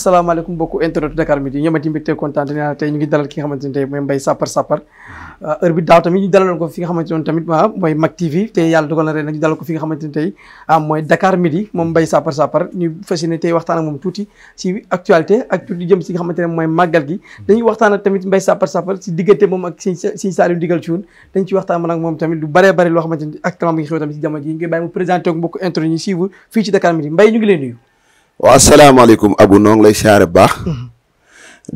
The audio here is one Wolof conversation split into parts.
asalaamaaleykum mbokku internet Dakar Midi ñëmati mbégte kontaan nee naa tey ñu ngi dalal ki nga xamante ne tey mooy Mbaye Sapar Sapar euh, heure ñu dalaloon nga xamante ne mooy Mak TV tey yàlla ñu dalal ko fi tey ah, mooy Dakar Sapar Sapar ñu fas tey waxtaan moom tuuti si actualité ak tuuti jëm si nga mooy màggal gi dañuy waxtaan tamit Mbaye Sapar Sapar si te moom ak si siñ Saliou cuun dañ ci waxtaan moom tamit lu bare bare loo xamante ne actuellement bi ngi xew tamit si jamono ji ngi bàyyi mu présenté ko mbokku internet ñu fii ci waaw asalaamaaleykum abu noo ngi lay siyaare baax mm-hmm.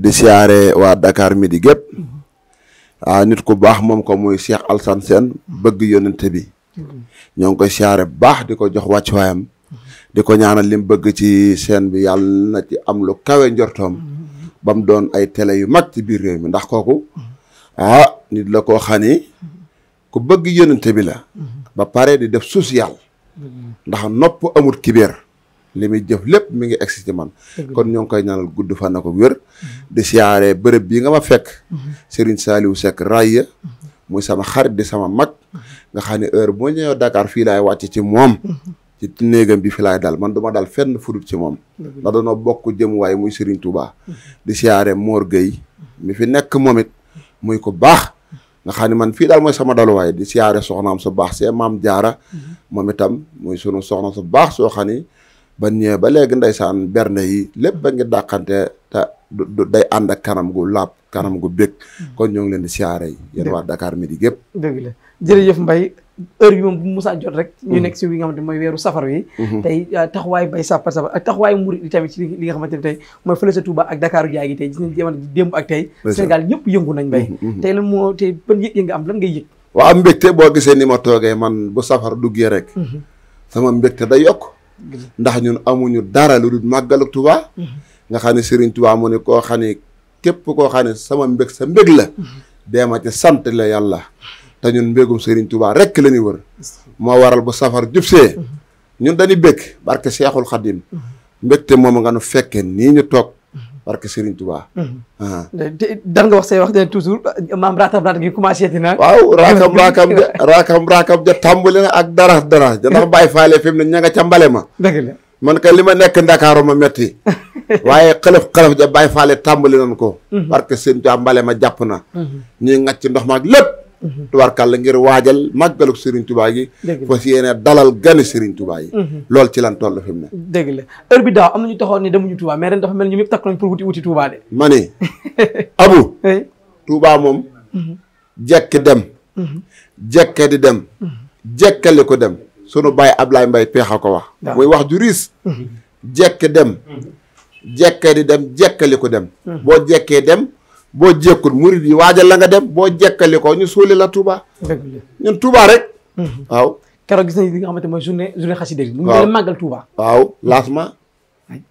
di siyaare waa Dakar di gépp mm-hmm. ah nit ku baax moom ko muy Cheikh Alassane Sène mm-hmm. bëgg yonente bi ñoo ngi koy siyaare baax di ko jox wàccuwaayam di ko ñaanal lim bëgg ci seen bi yàlla na ci am lu kawe njortoom ba doon ay tele yu mag ci biir réew mi ndax kooku ah nit la koo xam ku bëgg yonente bi la ba pare di def social ndax nopp amut kibeer li muy jëf lépp mi ngi egsi ci man kon ñoo ngi koy nanal gudd fan ko wér di siyaare bërëb bii nga ma fekk mm-hmm. Serigne Saliou Seck Raya mm-hmm. muy sama xarit di sama mag mm-hmm. nga xam ne heure boo ñëwee dakaar fii laay wàcc ci moom ci néegam bi fi laay dal man duma dal fenn fudut ci moom ndax danoo bokk jëmuwaay muy Serigne Touba di siyaare Mor Gueye mi fi nekk moom it muy ko baax nga xam ne man fii daal mooy sama daluwaay di siyaare soxnaam su baax see maam jaara moom itam muy sunu soxna su baax soo xam ni ba ñëwee ba léegi ndeysaan berne yi lépp ba ngi dàqante te du day ànd ak kanam gu laab kanam gu bég mm. kon ñoo ngi leen di siyaare yi yéen waa Dakar Midi gépp dëgg la jërëjëf Mbaye heure yi moom bu rek ñu mm. nekk si wi nga xamante ne mooy weeru safar wi mm-hmm. tey euh, taxawaayu bay safar safar ak taxawaayu murit yi tamit ci li nga xamante ne tey mooy fële sa Touba ak Dakar jaay gi tey gis nañ jamono démb ak tey Sénégal ñëpp yëngu nañ bay mm-hmm, mm-hmm. tey lan moo tey ban yëg nga am lan ngay yëg waaw mbégte boo gisee ni ma toogee man bu safar duggee rek sama mbégte da yokk ndax ñun amuñu dara lu dul màggalu Tuubaa nga xam ne Serigne Touba mu ne koo xam ne képp koo xam ne sama mbég sa mbég la dee ma sant la yàlla te ñun mbégum Serigne Touba rekk la ñu wër moo waral bu safar jubsee ñun dañuy bég barke Seexul Xadim mbégte moom nga nu fekke nii ñu toog barke Serigne Touba. Hmm. Ah. dan nga wax say wax de toujours maam raakam raakam gi commencé dina. waaw raakam raakam ja raakam raakam ja tàmbali na ak dara dara ja ndax bàyyi faale fi mu ne ca mbale ma. dëgg la man kay li ma nekk Ndakaaru ma metti waaye xelaf xelaf ja bàyyi faale tàmbali nañ ko. Hmm. barke Serigne Touba mbale ma jàpp na. Hmm. ñuy ngacc ndox ma ak Mm-hmm. tubaarkàlla ngir waajal màggaluk Serigne Touba gi fas yéene dalal gane Serigne Touba yi mm-hmm. loolu ci lan toll fi ne dëgg la heure bi daaw am nañu taxoon ni demuñu Touba mais ren dafa mel ñu yëpp takk nañ pour wuti wuti de ma ne abu Touba moom mm-hmm. jekke dem jekke di ko dem sunu bàyyi Ablaye Mbaye peexa ko wax muy wax ju riis jekke dem jekke di dem jekkali ko dem boo jekkee dem boo jekkul murid yi waajal la nga dem boo jekkali ko ñu suuli la Touba. ñun Touba rek. Mhm. waaw keroog gis nañu li nga xamante mooy journée journée xasida bi. waaw mu ngi leen màggal Touba. waaw lancement.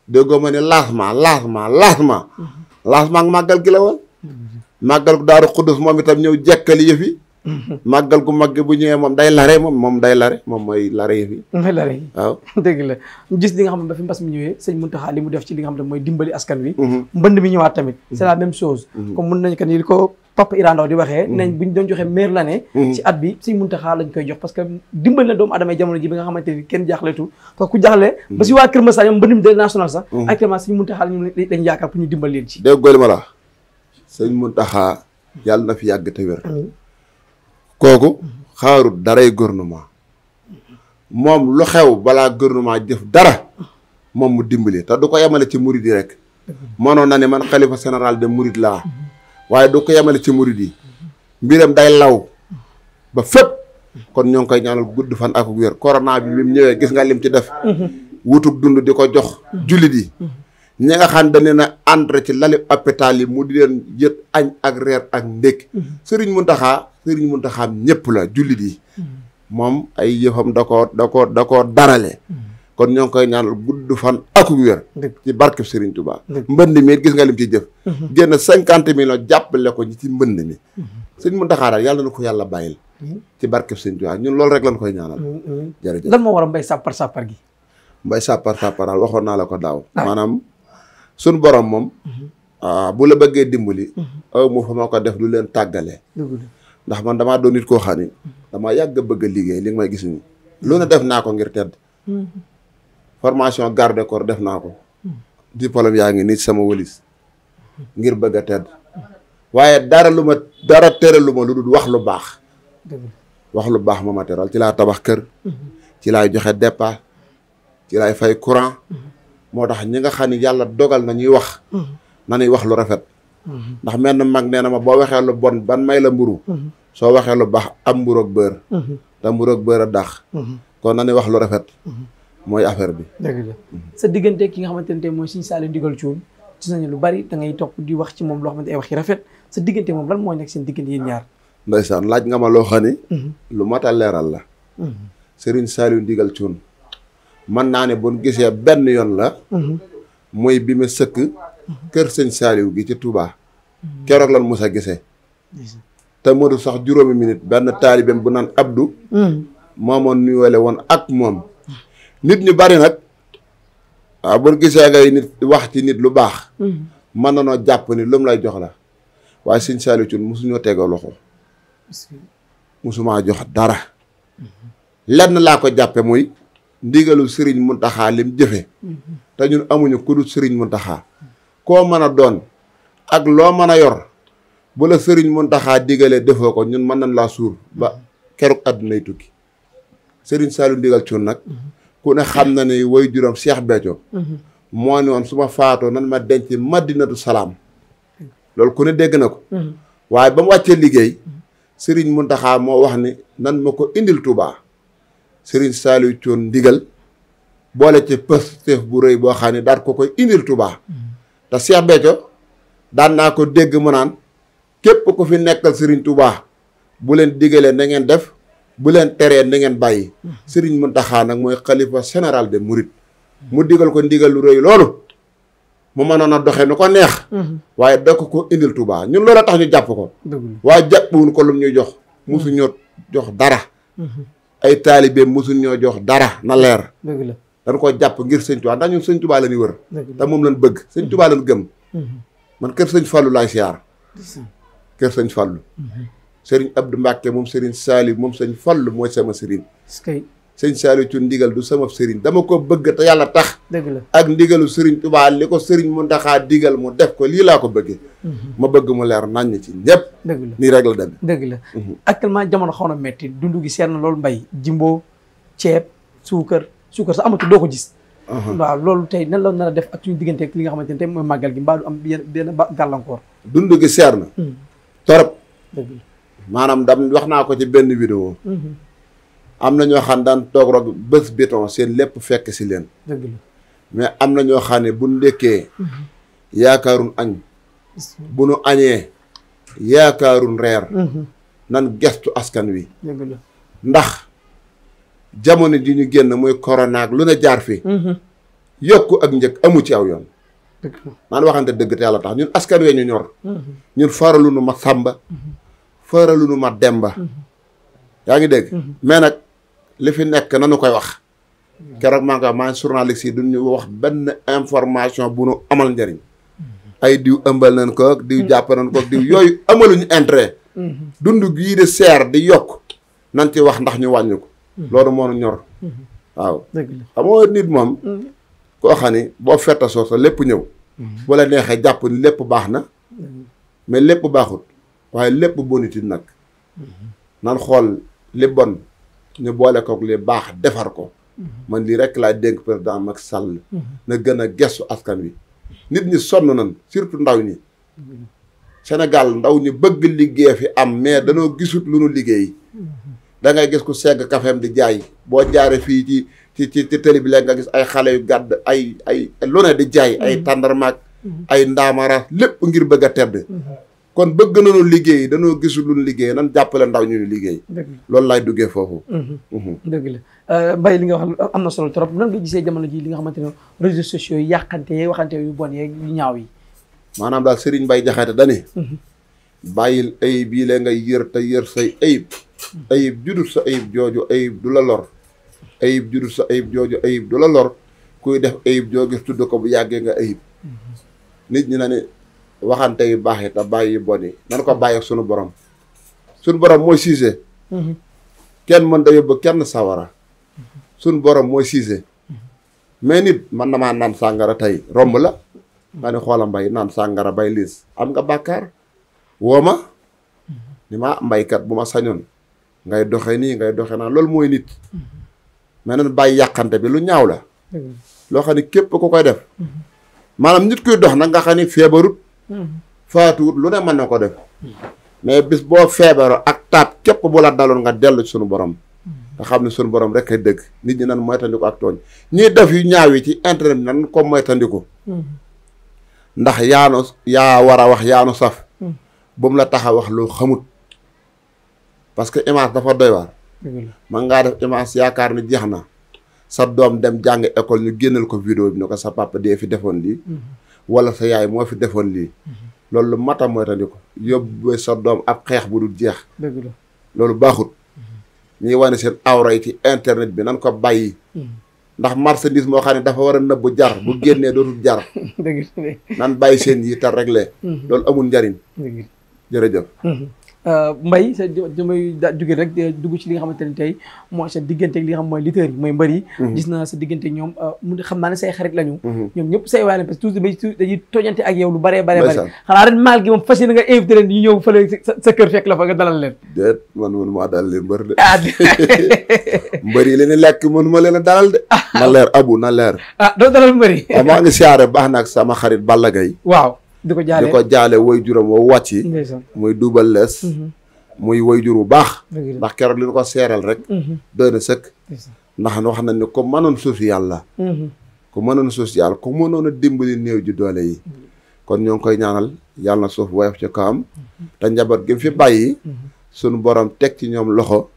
déggoo ma ne lancement lancement lancement. Mhm. lancement màggal gi mhm. màggal daaru Xudus moom itam ñëw jekkali yëf yi. màggal gu màgg bu ñëwee moom day lare moom moom day lare moom mooy lare yi. mooy lare yi waaw. dëgg la ñu gis li nga xam ne ba fi mbas mi ñëwee sëñ Mountakha li mu def ci li nga xam ne mooy dimbali askan wi. Mhm. mbënd mi ñëwaat tamit. Mhm. c'est la même chose. Mhm. comme mun nañu que ni ko Papa Iran Ndao di waxee. nañ bu ñu doon joxe meer la ne. ci at bi sëñ Mountakha lañ koy jox parce que dimbali na doomu adama jamono ji bi nga xamante ni kenn jaaxleetu parce que ku jaaxle. ba si waa Kër Massar ñoom mbënd mi de national sax. actuellement sëñ Mountakha lañ lañ yaakaar pour ñu dimbali leen ci. dégg nga li ma la wax sëñ Mountakha yàlla na fi yàgg te wér kooku xaarut daray gouvernement moom lu xew balaa gouvernement def dara moom mu dimbali te du ko yemale ci murid yi rek mënoon na ne man xalifa général de murid laa waaye du ko yemale ci murid yi mbiram day law ba fépp kon ñoo ngi koy ñaanal gudd fan ak wér corona bi bi mu ñëwee gis nga lim ci def wutug dund di ko jox jullit yi ñi nga xam dañ leen a entré ci lali hôpital yi mu di leen yët añ ak reer ak ndékk mm-hmm. sëriñ Muntaxa sëriñ Muntaxa ñëpp la jullit yi mm-hmm. moom ay yëfam da koo da koo da koo darale mm-hmm. kon ñoo ngi koy ñaanal gudd fan ak wér ci barkeb Serigne Touba mbënd mi gis nga lim ci jëf génn cinquante millions jàppale ko ñi ci mbënd mi sëñ Muntaxa daal yàlla na ko yàlla bàyyil ci barkeb Serigne Touba ñun loolu rek lañ koy ñaanal jërëjëf lan moo war a mbay sàppar sàppar gi mbay sàppar sàpparal ko daaw ah. suñ borom moom mhm. ah, bu la bëggee dimbali mhm. aw mu fa ma ko def lu leen tàggalee ndax man damaa doon nit koo xam ne damaa yàgg a bëgg a liggéey li may gis ni mhm. lu ne def naa ko ngir tedd formation garde corps def naa ko diplôme yaa ngi nii sama walis ngir bëgg a tedd waaye dara lu ma dara teralu ma lu dul wax lu baax wax lu baax ma ma teral ci laa tabax kër ci laay joxe dépasse ci laay fay courant moo tax ñi nga xam ne yàlla dogal na ñuy wax mm-hmm. na ñuy wax lu rafet mm-hmm. ndax mel na mag nee na ma boo waxee lu bon ban may la mburu mm-hmm. soo waxee lu baax am mburu ak bër te mburu ak bër a daax kon na ñuy wax lu rafet mooy affaire bi sa diggante ki nga xamante ne mooy suñu saali ndigal cuun ci nañu lu bari da ngay topp di wax ci moom loo xamante ay wax yi rafet sa diggante moom lan mooy nekk seen diggante yéen ñaar ndeysaan laaj nga ma loo xam ne lu mat a leeral la Serigne Saliou Ndigal mën naa ne bon gisee benn yoon la mhm. mooy bi ma sëkk kër sëñ Saaliw gi ci Touba mhm. keroog lan mos a gisee te mënu sax juróomi minute benn taalibeem bu naan Abdou mhm. moomoon nuyoole woon ak moom nit ñu bari nag waaw ah, bu gisee ngay nit wax ci nit lu baax mën na noo jàpp ni lu mu lay jox la waaye sëñ Saaliw Cuun mosuñoo tegoo loxo mosumaa jox dara lenn laa ko jàppe muy ndigalu sëriñ Muntaxa lim jëfe te ñun amuñu ku dul sëriñ Muntaxa koo mën a doon ak loo mën a yor bu la sëriñ Muntaxa digalee defoo ko ñun mën nañ laa suur ba keroog àddunay tukki sëriñ Saliou ndigal cuun nag ku ne xam na ni way juróom Cheikh Béthio moo ni woon su ma faatoo nan ma denc madinatu salaam loolu ku ne dégg na ko mm-hmm. waaye ba mu wàccee liggéey sëriñ Muntaxa moo wax ni nan ma ko indil Tuubaa Serigne Saliou Thioune ndigal boole ci pëstef bu rëy boo xam ne daan ko koy indil Touba mm. te Cheikh Béthio daan naa ko dégg mu naan képp ku fi nekkal sëriñ Touba bu leen digalee na ngeen def bu leen teree na ngeen bàyyi mm. Serigne Mountakha nag mooy xalifa général de Mouride mu digal ko ndigal lu rëy loolu mu mënoon a doxee nu ko neex mm-hmm. waaye da ko ko indil Touba ñun loolu tax ñu jàpp ko waaye jàppuwuñ ko lum ñuy jox mm. musu jox dara mm-hmm. ay taalibeem mosuñ ñoo jox dara na leer dëgg la dañ ko jàpp ngir sëñ tubaa ndax ñun sëñ tubaa la ñu wër te moom lañ bëgg sëñ tubaa lañ gëm mhm. man kër sëñ fàllu laay siyaar kër sëñ fàllu mhm. sëriñ abdu mbàkke moom sëriñ saalib moom sëñ fàllu mooy sama sëriñ sëñ Saliou Thioune ndigal du sama sëriñ dama ko bëgg te yàlla tax dëgg la ak ndigalu sëriñ Tuubaa li ko sëriñ Muntaxaa digal mu def ko lii laa ko bëggee mhm. ma bëgg mu leer nañ ci ñëpp dëgg la nii rek la dem dëgg mhm. jamono xaw na metti dund gi seer na loolu mbay jimbo ceeb suukar suukar sax amatu doo ko gis waaw loolu tey nan la nar a def ak suñu diggante ak li nga xamante ne tey mooy màggal gi mbaa du am yenn benn gàllankoor dund gi seer na mhm. torop dëgg la maanaam dam wax naa ko ci benn vidéo am na ñoo xam daan toog roog bés béton seen lépp fekk si leen mais am na ñoo xam ne bu ndekkee mhm. yaakaaru añ bu nu añee yaakaarun reer mhm. nan gestu askan wi ndax jamono ji ñu génn muy corona lu ne jaar fi mhm. yokku ak njëg amu ci aw yoon naan waxante dëgg te yàlla tax ñun askan wee ñu ñor ñun faralu nu ma sàmba faralu nu ma demba yaa ngi dégg li fi nekk nanu koy wax keroog maa ngi wax yi du ñu wax benn information bu nu amal njariñ ay diw ëmbal nañ ko diw jàpp nañ ko diw yooyu amaluñu intérêt dund gii de seer di yokk nañ ci wax ndax ñu wàññi ko loolu moo nu ñor waaw xamoo nit moom koo xam ni boo fetta soo sa lépp ñëw mm-hmm. bu neexee jàpp ni lépp baax na mais lépp baaxut waaye lépp bonitit nag mm-hmm. nan xool li bon ñu boole kook li baax defar ko mhm. man lii rekk laa dégg président Macky Sall mhm. na gën a gestu askan wi nit ñi sonn nañ surtout ndaw ñi mhm. senegal ndaw ñi bëgg liggéey fi am mais danoo gisut lu nu liggéey da ngay gis ku segg kafeem di jaay boo jaaree fii ci ci ci ci télé bi léegi nga gis ay xale yu gàdd ay ay lu ne di jaay ay tàndarmaak ay ndaamara lépp ngir bëgg a tedd kon bëgg nañu liggéey dañoo gisul lu ñu liggéey nan jàppale ndaw ñu liggéey. loolu laay duggee foofu. Mhm. Mhm. dëgg la euh, li nga wax am na solo trop nan nga gisee jamono ji li nga xamante ne réseaux sociaux yi yàqante yeeg waxante yu bon yeeg yu ñaaw yi. maanaam daal Serigne bay Jaxate dani mhm. bàyyil ayib yi la nga yër te yër say ayib. ayib judul sa ayib jooju ayib du la lor. ayib judul sa ayib jooju ayib du la lor kuy def ayib jooju tudd ko bu yàggee nga ayib. ñi na waxante yu baax yi te bàyyi yu bon yi nan ko bàyyi sunu borom sunu borom mooy siise mhm. kenn mën da yóbbu kenn sawara sunu borom mooy siise mais nit man na damaa naan sàngara tey romb la nga ne xoola mbay naan sàngara bay liis am nga bàkkaar woo ma ni ma mbaykat bu ma sañoon ngay doxe nii ngay doxe naan loolu mooy nit mais nan bàyyi yàqante bi lu ñaaw la loo xam ne képp ku koy def maanaam nit kuy dox nag nga xam ne feebarut faatuwut lu ne mën ne ko def mais bis boo feebaroo ak taab képp bu la daloon nga dellu suñu borom te xam ne suñu borom rek a dëgg nit ñi nan moytandiku ak tooñ ñuy def yu ñaaw yi ci internet bi nan ko moytandiku ndax yaanu yaa war a wax yaanu saf bu mu la tax wax loo xamut parce que image dafa doy waar man ngaa def image yaakaar ni jeex na sa doom dem jàng école ñu génnal ko vidéo bi ne ko sa papa dee fi defoon lii wala sa yaay moo fi defoon lii mhm. loolu lu matam mooy tandi ko yóbbu sa doom ak xeex bu dul jeex dëgg la loolu baaxut mhm. ñuy wane seen awra yi ci internet bi nan ko bàyyi mhm. ndax marchandise moo xam ne dafa war a nëbb jar bu génnee dootul jar nan bàyyi seen yi te réglé loolu amul njariñ jërëjëf Euh, mbay sa damay jóge rek dugg ci li nga xamante ne tey mooy sa diggante li nga xam mooy lutteurs yi mooy mbër yi mhm. gis naa sa diggante ñoom euh, mu xam naa ne say xarit lañu mhm. ñoom ñëpp say waay lañ parce que ak yow lu bare bare bare xanaa ren nga invité leen ñu ñëw fële sa kër fekk la fa nga dalal leen déet man man maa dalal leen mbër de ah, mbër yi leen lekk man ma leen dalal de ah. na leer abu na leer ah doo dalal mbër yi maa ngi siyaare baax na ak sama xarit Balla Gaye waaw di ko jaale ko jaale way juram woo wàcc yi muy duubal lees mhm. muy way jur bu baax ndax keroog li ñu ko seeral rek mhm. doy na sëkk ndax wax nañ ne ko mënoon suuf yàlla ku mënoon suuf mhm. yàlla ku mënoon a dimbali néew ji doole yi kon ñoo koy ñaanal yàlla na suuf woyof ci kawam te njaboot gi fi bàyyi sunu borom teg ci ñoom loxo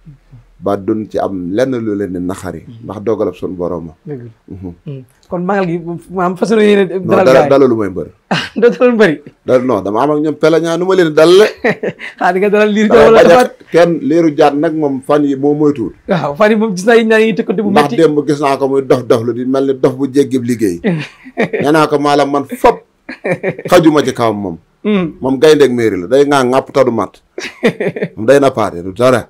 ba dun ci am lenn lu leen di naxari mm-hmm. ndax dogalab suñu borom mm-hmm. ma mm. kon magal gi maam façon yéene dalal dalalu may mbër doo dalal mbëri dal non dama am ak ñoom pelañaa nu ma leen dalale xaa di nga dalal liir wala dafaat kenn liiru jaat nag moom fan yi moom moytuwul waaw fan yi moom gis naa yi ñaan yi tëkkante bu metti ndax démb gis naa ko muy dof dof lu di mel ni dof bu jéggib liggéey nee naa ko maanaam man fop xajuma ci kawam moom mm. moom gayndeeg mairie la day ngaa ŋàpp tadu mat moom day nappaate du dara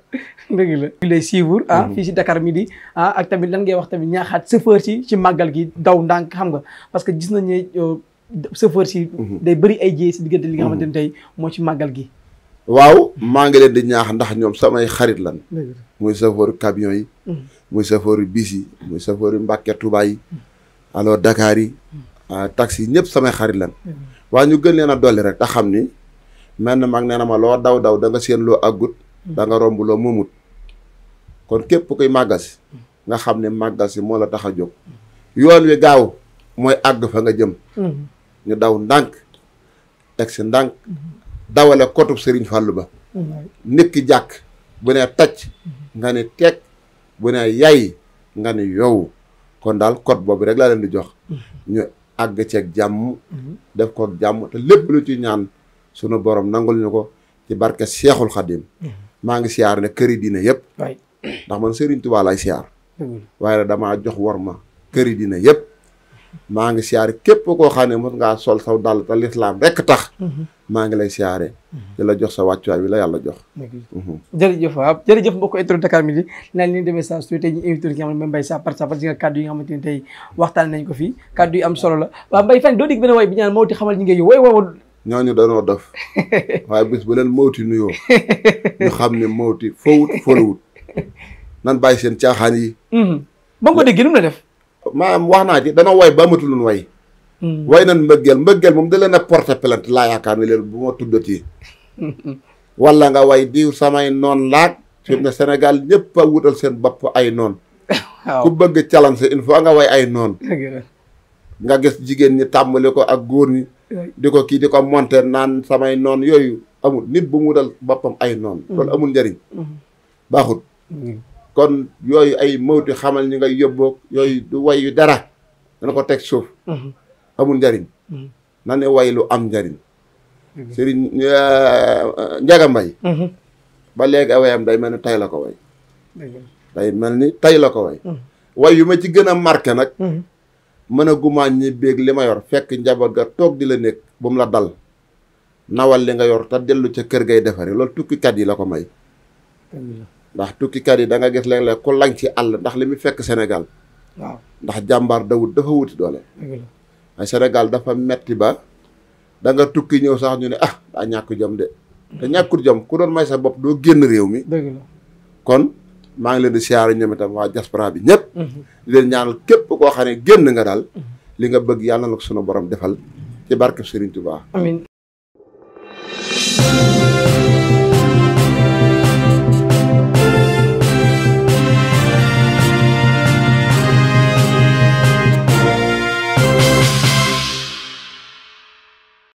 dëgg la ñu lay suivre ah mhm. fii si Dakar Midi ah ak tamit lan ngay wax tamit ñaaxaat chauffeur si ci màggal gi daw ndànk xam nga parce que gis nañ ne si euh, mhm. day bëri ay jéey si diggante li nga mhm. xamante ne tey moo ci màggal gi waaw maa ngi leen di ñaax ndax ñoom samay xarit lan muy chauffeur camion yi muy chauffeur bis yi muy chauffeur Mbàkke Tuubaa yi alors Dakar yi ah, taxi yi ñëpp samay xarit lan waaye ñu gën leen a dolli rek te xam ni mel na mag nee na ma loo daw daw da nga seen loo àggut da nga romb loo moomut kon képp kuy màggal si nga xam ne màggal moo la tax a jóg yoon wi gaaw mooy àgg fa nga jëm mm-hmm. ñu daw ndànk teg si ndànk mm-hmm. dawale kotub sëriñ fàllu ba mm-hmm. nit ki jàkk bu ne tacc nga ne teg bu ne yay nga ne yow kon daal code boobu rek laa leen di jox ñu àgg ceeg jàmm def ko jàmm te lépp lu ci ñaan sunu borom nangul ñu ko ci barke seexul xadim maa ngi siyaar ne këri diine yëpp. ndax man Serigne Touba lay siyaar. waaye nag damaa jox war ma këri diine yëpp. maa ngi siyaare képp koo xam ne mën ngaa sol saw dàll te lislaam rekk tax. Mhm. maa ngi lay siyaare. Mhm. di la jox sa wàccuwaay bi la yàlla jox. Mhm. jërëjëf waaw jërëjëf mbokk internet Dakar Midi naan leen demee saa su tey ñu invité ki nga xam ne Mbaye Sapar Sapar si nga kàddu yi nga xamante ne tey waxtaan nañ ko fii kàddu yi am solo la waaw Mbaye fan doo dégg bi ñaan moo ñooñu danoo dof waaye bis bu leen mawti nuyoo ñu xam ne mawti fawut foluwut nan bàyyi seen caaxaan yi. Mhm. ba nga ko déggee mu la def. maanaam wax naa ji danoo way ba amatul woon way. Mhm. way nan mbëggeel mbëggeel moom da leen a porté laa yaakaar ne leen bu ma tuddati. wala nga way diw samay noon laa fi mu ne Sénégal wutal seen bopp ay noon. ku bëgg challenge il faut nga way ay noon. nga gis jigéen ñi tàmbali ko ak góor ñi. di ko kii di ko monter naan samay noon yooyu amul nit bu mu dal boppam ay noon mm. loolu amul njëriñ mm. baaxut mm. kon yooyu ay mawti xamal ñi ngay yóbboog yooyu du way dara dana ko teg suuf amul njëriñ na ne way lu am njëriñ sëriñ euh, Njaga Mbay mm-hmm. ba léegi awayam day mel ni tay la ko way day mel ni tay la ko way way yu ma ci gën a marqué nag mën a gumaa ñi béeg li ma yor fekk njaboot ga toog di la nekk ba mu la dal nawal li nga yor te dellu ca kër gay defaree loolu tukkikat yi la ko may ndax tukkikat yi da nga gis léeg-léeg ku lañ ci àll ndax li mu fekk senegal waaw ndax jàmbaar dawut dafa wuti doole ay Sénégal dafa metti ba da nga tukki ñëw sax ñu ne ah daa ñàkk jom de te ñàkkut jom ku doon may sa bopp doo génn réew mi kon maa ngi leen di siyaare ñoom itam waa diaspora bi ñëpp di leen ñaanal képp koo xam ne génn nga daal li nga bëgg yàlla na su sunu borom defal ci barke Serigne Touba amiin